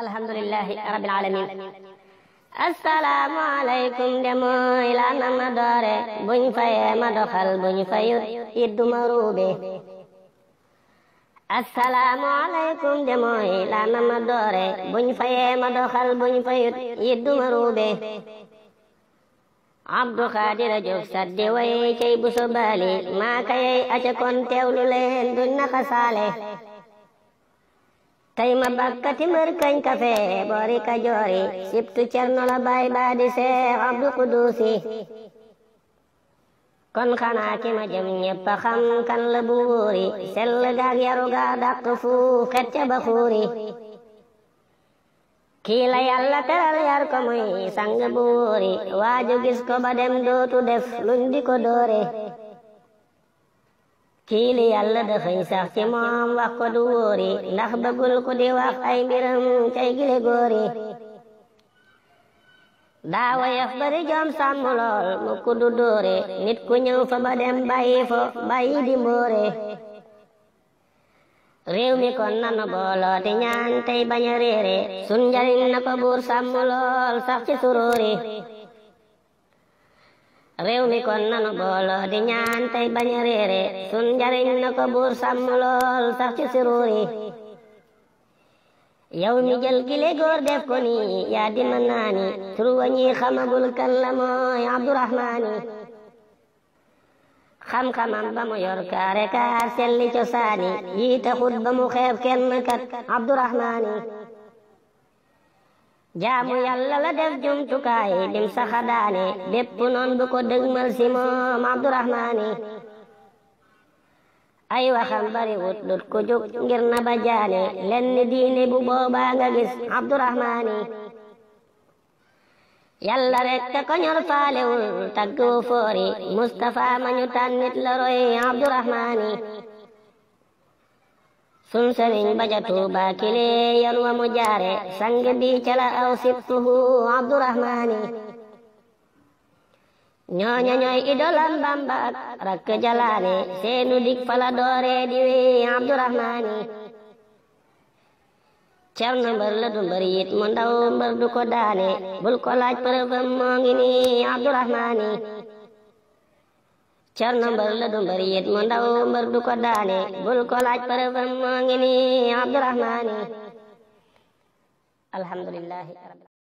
alhamdulilahi rabbil alamin ma doore buñ fayee ma doxal buñ fayut it duma ruube assalaamu aleykum de mooy ma doore buñ fayee ma doxal saddi way cey bu so baali maa kayey aca kon teewlu leen duñ naxa saale tey ma bakkati mër kañ kafe boori kajoori sibtu cerno la baay baa di seex abdu kuduusi kon xanaa ki ma jëm ñépp xam kan la buuri sell gaag yaru gaa fuuf xet ca ba xuuri kii teral yar ko muy sang buuri waaju gis ko ba dem dootu def luñ ko doore kii li yàlla dafay sax ci moom wax ko du wóori ndax bëggul ku di wax ay mbiram cay gile góori daawa yaf bari jom mu ku du nit ku ñëw fa ba dem bàyyi fo bàyyi di mbóore mi kon nanu booloo di ñaan tey bañ a réere sun na ko buur sax ci suróori réew mi kon nanu booloo di ñaan tey bañ a réere sun njariñ na ko buur sàmm sax ci siruur yi mi jël gile góor def ko nii yaa di mën tur wa xamagul kan la mooy abdurahmaani xam-xamam ba mu yor kaare kaar selli cosaani yii taxut ba mu xeeb kenn kat abdurahmaani jaamu yàlla la def jumtukaay lim saxadaane bépp noon bu ko dëgmal si moom abdurahmaani ay waxam bariwut lut ku jug ngir na ba jaane diine bu boobaa nga gis abdurahmaani yàlla rekk ko ñor faalewul tagg wu foori mustapha ma ñu la roy abdurahmaani sun sëriñ baja tuuba kile wa mu jaare bi cala aw sibtuhu abdurahmaani ñooña ñooy idolam bamba ak rakk jalaane seenu dik fala doore di wi abdurahmaani cerno mbër la du mbër yit mu ndaw bul ko laaj përëfam moo ngi cerno mbër la du mbër yit mu ndaw mbër du ko daane bul ko laaj